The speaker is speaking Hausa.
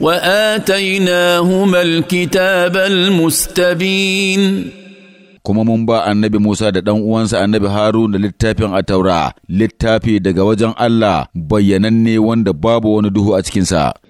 واتيناهما الكتاب المستبين kuma mun ba annabi Musa da ɗan uwansa annabi Harun da littafin a taura, littafi daga wajen Allah bayyananne wanda babu wani duhu a cikinsa.